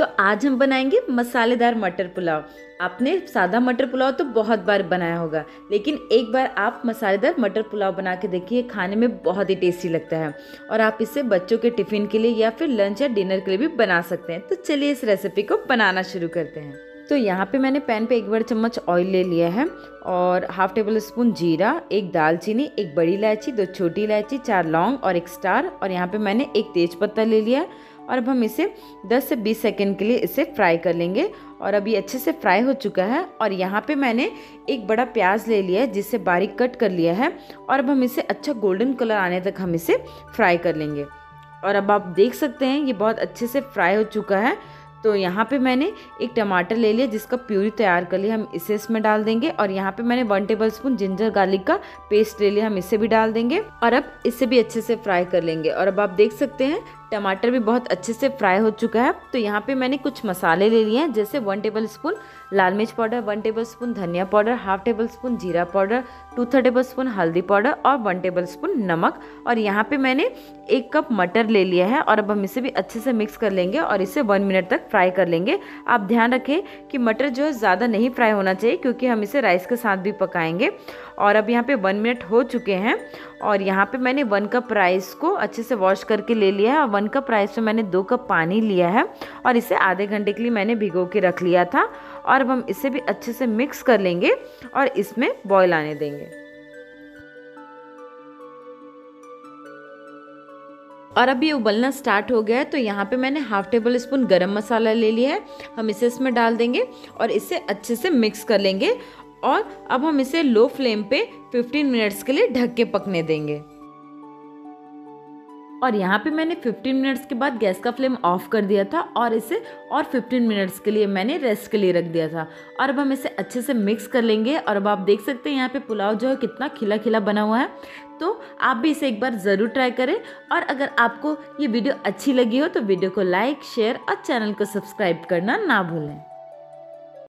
तो आज हम बनाएंगे मसालेदार मटर पुलाव आपने सादा मटर पुलाव तो बहुत बार बनाया होगा लेकिन एक बार आप मसालेदार मटर पुलाव बना के देखिए खाने में बहुत ही टेस्टी लगता है और आप इसे बच्चों के टिफ़िन के लिए या फिर लंच या डिनर के लिए भी बना सकते हैं तो चलिए इस रेसिपी को बनाना शुरू करते हैं तो यहाँ पे मैंने पैन पे एक बड़ चम्मच ऑयल ले लिया है और हाफ टेबल स्पून जीरा एक दालचीनी एक बड़ी इलायची दो छोटी इलायची चार लौंग और एक स्टार और यहाँ पे मैंने एक तेज पत्ता ले लिया और अब हम इसे 10 से 20 सेकेंड के लिए इसे फ्राई कर लेंगे और अब ये अच्छे से फ्राई हो चुका है और यहाँ पे मैंने एक बड़ा प्याज ले लिया है जिसे बारीक कट कर लिया है और अब हम इसे अच्छा गोल्डन कलर आने तक हम इसे फ्राई कर लेंगे और अब आप देख सकते हैं ये बहुत अच्छे से फ्राई हो चुका है तो यहाँ पे मैंने एक टमाटर ले लिया जिसका प्यूरी तैयार कर लिया हम इसे इसमें डाल देंगे और यहाँ पे मैंने one tablespoon ginger garlic का पेस्ट ले लिया हम इसे भी डाल देंगे और अब इसे भी अच्छे से फ्राई कर लेंगे और अब आप देख सकते हैं टमाटर भी बहुत अच्छे से फ्राई हो चुका है तो यहाँ पे मैंने कुछ मसाले ले लिए हैं जैसे वन टेबल स्पून लाल मिर्च पाउडर वन टेबल स्पून धनिया पाउडर हाफ टेबल स्पून जीरा powder two third tablespoon हल्दी पाउडर और वन टेबल स्पून नमक और यहाँ पे मैंने एक कप मटर ले लिया है और अब हम इसे भी अच्छे से मिक्स कर लेंगे और इसे वन मिनट तक फ्राई कर लेंगे आप ध्यान रखें कि मटर जो है ज़्यादा नहीं फ्राई होना चाहिए क्योंकि हम इसे राइस के साथ भी पकाएंगे और अब यहाँ पे वन मिनट हो चुके हैं और यहाँ पे मैंने वन कप राइस को अच्छे से वॉश करके ले लिया है और वन कप राइस में मैंने दो कप पानी लिया है और इसे आधे घंटे के लिए मैंने भिगो के रख लिया था और अब हम इसे भी अच्छे से मिक्स कर लेंगे और इसमें बॉयल आने देंगे और अब ये उबलना स्टार्ट हो गया है तो यहाँ पे मैंने हाफ टेबल स्पून गरम मसाला ले लिया है हम इसे इसमें डाल देंगे और इसे अच्छे से मिक्स कर लेंगे और अब हम इसे लो फ्लेम पे 15 मिनट्स के लिए ढक के पकने देंगे और यहाँ पे मैंने 15 मिनट्स के बाद गैस का फ्लेम ऑफ कर दिया था और इसे और 15 मिनट्स के लिए मैंने रेस्ट के लिए रख दिया था और अब हम इसे अच्छे से मिक्स कर लेंगे और अब आप देख सकते हैं यहाँ पे पुलाव जो है कितना खिला खिला बना हुआ है तो आप भी इसे एक बार ज़रूर ट्राई करें और अगर आपको ये वीडियो अच्छी लगी हो तो वीडियो को लाइक शेयर और चैनल को सब्सक्राइब करना ना भूलें